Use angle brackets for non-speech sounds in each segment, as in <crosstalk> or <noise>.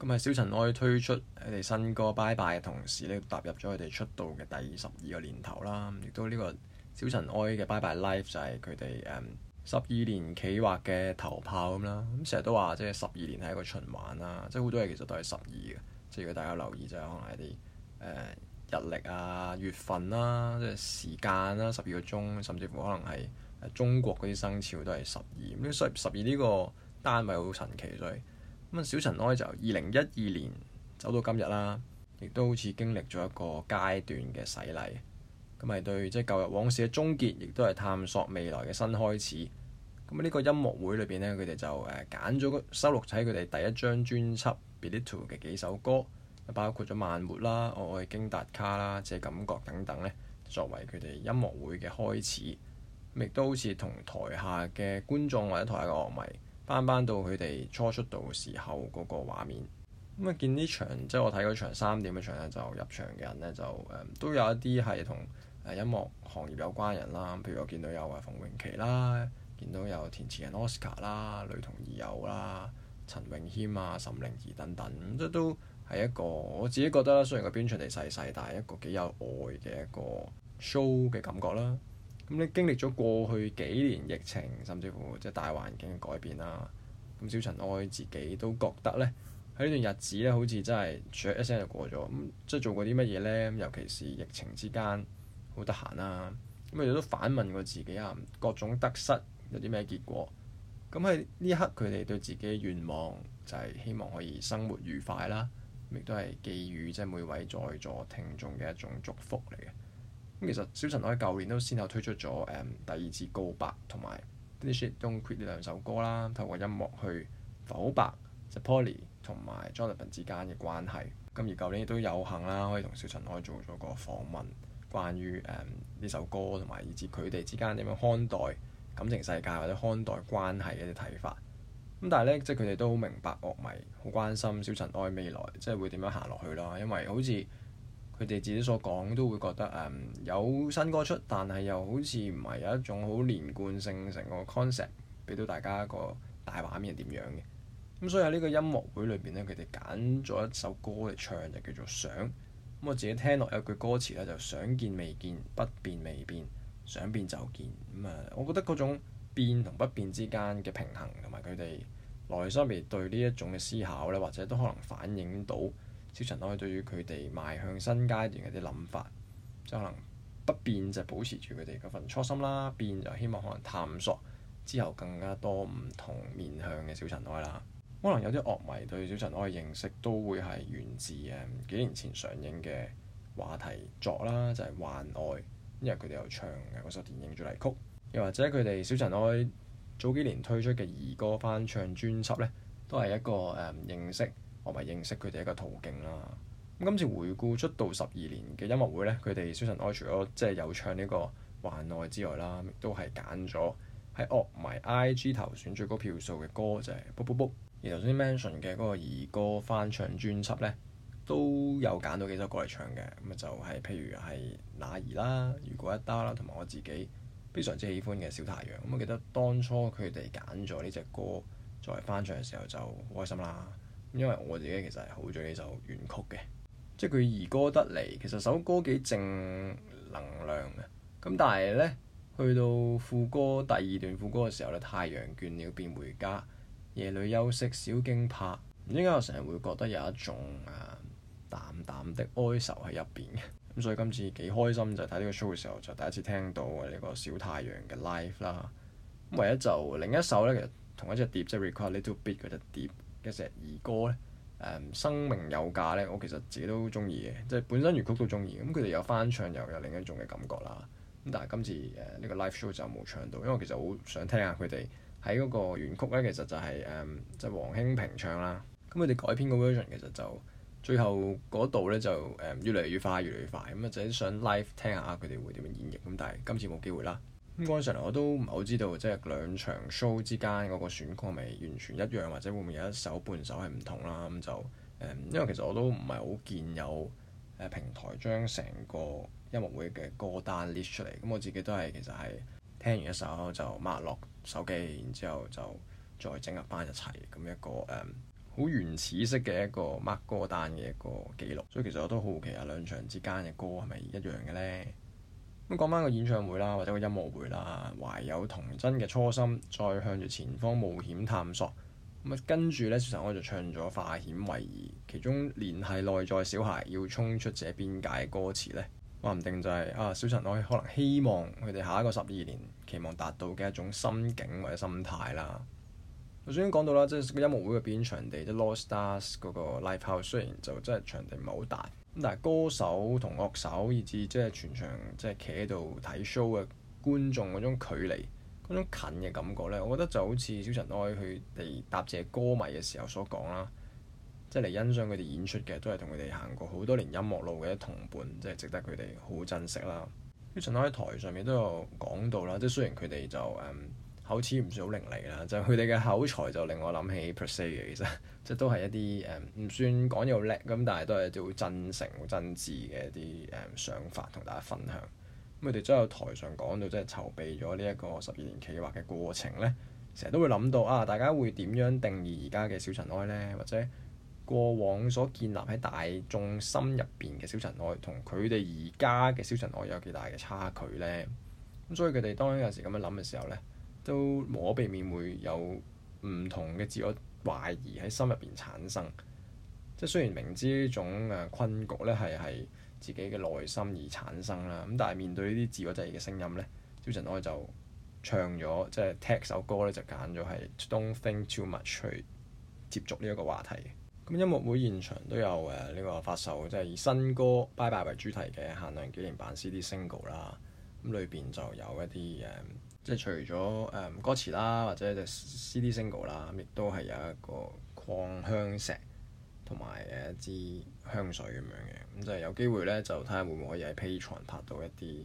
咁啊，小塵埃推出佢哋新歌《拜拜》嘅同時咧，踏入咗佢哋出道嘅第十二個年頭啦。亦都呢個小塵埃嘅《拜拜 Life》就係佢哋誒十二年企劃嘅頭炮咁啦。咁成日都話即係十二年係一個循環啦、啊，即係好多嘢其實都係十二嘅。即係如果大家留意就係可能啲誒、呃、日曆啊、月份啦、啊、即係時間啦、啊、十二個鐘，甚至乎可能係中國嗰啲生肖都係十二。咁所以十二呢個單位好神奇，所以。咁小塵埃就二零一二年走到今日啦，亦都好似經歷咗一個階段嘅洗禮。咁係對即係、就是、舊日往事嘅終結，亦都係探索未來嘅新開始。咁呢個音樂會裏邊咧，佢哋就誒揀咗個收錄喺佢哋第一張專輯《Believe To》嘅幾首歌，包括咗《慢活》啦、《我愛經達卡》啦、《這感覺》等等咧，作為佢哋音樂會嘅開始，亦都好似同台下嘅觀眾或者台下嘅樂迷。翻翻到佢哋初出道嘅時候嗰個畫面，咁、嗯、啊見呢場，即係我睇嗰場三點嘅場咧，就入場嘅人咧就誒、嗯、都有一啲係同誒音樂行業有關人啦，譬如我見到有啊馮詠琪啦，見到有填詞人 Oscar 啦、雷同二友啦、陳詠謙啊、岑寧兒等等，即、嗯、都係一個我自己覺得，雖然個編出地細細，但係一個幾有愛嘅一個 show 嘅感覺啦。咁你經歷咗過去幾年疫情，甚至乎即係大環境嘅改變啦。咁小塵埃自己都覺得呢，喺呢段日子呢，好似真係一聲就過咗。咁即係做過啲乜嘢呢？尤其是疫情之間，好得閒啦。咁亦都反問過自己啊，各種得失有啲咩結果？咁喺呢一刻，佢哋對自己嘅願望就係希望可以生活愉快啦。亦都係寄予即係每位在座聽眾嘅一種祝福嚟嘅。咁其實小塵埃舊年都先後推出咗誒、嗯、第二支告白同埋 Don't Quit 呢兩首歌啦，透過音樂去剖白 Sapoly 同埋 Jonathan 之間嘅關係。咁而舊年亦都有幸啦，可以同小塵埃做咗個訪問，關於誒呢、嗯、首歌同埋以至佢哋之間點樣看待感情世界或者看待關係嘅啲睇法。咁但係咧，即係佢哋都好明白樂迷好關心小塵埃未來即係會點樣行落去啦，因為好似佢哋自己所講都會覺得誒、嗯、有新歌出，但係又好似唔係有一種好連貫性成個 concept，俾到大家一個大畫面係點樣嘅。咁、嗯、所以喺呢個音樂會裏邊咧，佢哋揀咗一首歌嚟唱就叫做想。咁、嗯、我自己聽落有句歌詞咧，就想見未見，不變未變，想變就見。咁、嗯、啊，我覺得嗰種變同不變之間嘅平衡，同埋佢哋內心面對呢一種嘅思考咧，或者都可能反映到。小塵埃對於佢哋邁向新階段嘅啲諗法，即係可能不變就保持住佢哋嗰份初心啦，變就希望可能探索之後更加多唔同面向嘅小塵埃啦。可能有啲樂迷對小塵埃嘅認識都會係源自誒、嗯、幾年前上映嘅話題作啦，就係、是《幻愛》，因為佢哋有唱嘅嗰首電影主題曲，又或者佢哋小塵埃早幾年推出嘅兒歌翻唱專輯呢，都係一個誒、嗯、認識。樂迷認識佢哋一個途徑啦。咁今次回顧出道十二年嘅音樂會呢，佢哋小塵埃除咗即係有唱呢個《還愛》之外啦，都係揀咗喺樂迷 I G 投選最高票數嘅歌，就係《卜卜卜》。而頭先 mention 嘅嗰個兒歌翻唱專輯呢，都有揀到幾首歌嚟唱嘅。咁就係譬如係《哪兒》啦，《如果一打》啦，同埋我自己非常之喜歡嘅《小太陽》。咁我記得當初佢哋揀咗呢隻歌作為翻唱嘅時候就開心啦。因為我自己其實係好中意呢首原曲嘅，即係佢兒歌得嚟，其實首歌幾正能量嘅。咁但係呢，去到副歌第二段副歌嘅時候咧，太陽倦了變回家，夜裏休息小驚怕，應該我成日會覺得有一種啊淡淡的哀愁喺入邊嘅。咁 <laughs> 所以今次幾開心就睇、係、呢個 show 嘅時候，就係、第一次聽到我呢個小太陽嘅 live 啦。咁唯一就另一首呢，其實同一隻碟，即、就、係、係《Require Little Bit》嗰隻碟。嘅成日兒歌咧，誒生命有價咧，我其實自己都中意嘅，即係本身原曲都中意。咁佢哋有翻唱又有另一種嘅感覺啦。咁但係今次誒呢個 live show 就冇唱到，因為其實好想聽下佢哋喺嗰個原曲咧，其實就係誒即係黃興平唱啦。咁佢哋改編個 version 其實就最後嗰度咧就誒越嚟越快越嚟越快。咁啊就想 live 聽下佢哋會點樣演繹。咁但係今次冇機會啦。通常我都唔係好知道，即係兩場 show 之間嗰個選歌咪完全一樣，或者會唔會有一首半首係唔同啦。咁就誒、嗯，因為其實我都唔係好見有誒平台將成個音樂會嘅歌單列出嚟。咁我自己都係其實係聽完一首就抹落手機，然之後就再整合翻一齊咁一個誒好、嗯、原始式嘅一個 mark 歌單嘅一個記錄。所以其實我都好奇啊，兩場之間嘅歌係咪一樣嘅呢？咁講返個演唱會啦，或者個音樂會啦，懷有童真嘅初心，再向住前方冒險探索。咁啊，跟住呢，小塵埃就唱咗化險為夷，其中聯繫內在小孩要衝出這邊界嘅歌詞呢，話唔定就係、是、啊，小塵埃可能希望佢哋下一個十二年期望達到嘅一種心境或者心態啦。首先講到啦，即係音樂會嘅表演場地，即係 Lost Stars 嗰個 Live House，雖然就真係場地唔係好大，咁但係歌手同樂手以至即係全場即係企喺度睇 show 嘅觀眾嗰種距離、嗰種近嘅感覺咧，我覺得就好似小塵埃佢哋答謝歌迷嘅時候所講啦，即係嚟欣賞佢哋演出嘅都係同佢哋行過好多年音樂路嘅一同伴，即係值得佢哋好珍惜啦。嗯、小塵埃喺台上面都有講到啦，即係雖然佢哋就誒。嗯口齒唔算好伶俐啦，就佢哋嘅口才就令我諗起 per se 嘅。其實即都係一啲誒唔算講又叻咁，但係都係好真誠好真摯嘅一啲誒、um, 想法同大家分享。咁佢哋之後台上講到即籌備咗呢一個十二年企劃嘅過程咧，成日都會諗到啊，大家會點樣定義而家嘅小塵埃咧？或者過往所建立喺大眾心入邊嘅小塵埃，同佢哋而家嘅小塵埃有幾大嘅差距咧？咁所以佢哋當然有時咁樣諗嘅時候咧。都冇可避免會有唔同嘅自我懷疑喺心入邊產生，即係雖然明知呢種誒困局咧係係自己嘅內心而產生啦，咁但係面對呢啲自我質疑嘅聲音咧，焦振開就唱咗即係踢首歌咧，就揀咗係《Don't Think Too Much》去接觸呢一個話題。咁音樂會現場都有誒呢個發售，即係以新歌《Bye Bye》為主題嘅限量紀念版 CD Single 啦，咁裏邊就有一啲誒。嗯即係除咗誒、嗯、歌詞啦，或者就 CD single 啦，亦都係有一個擴香石同埋誒一支香水咁樣嘅，咁就係有機會咧，就睇下會唔會可以喺 Patreon 拍到一啲誒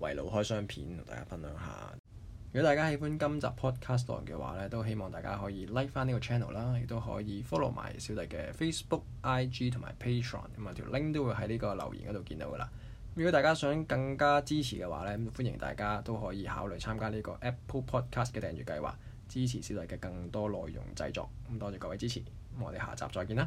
圍爐開箱片同大家分享下。如果大家喜歡今集 Podcast 嘅話咧，都希望大家可以 Like 返呢個 channel 啦，亦都可以 follow 埋小弟嘅 Facebook、IG 同埋 Patreon，咁啊條 link 都會喺呢個留言嗰度見到噶啦。如果大家想更加支持嘅話咧，歡迎大家都可以考慮參加呢個 Apple Podcast 嘅訂閱計劃，支持小弟嘅更多內容製作。咁多謝各位支持，我哋下集再見啦。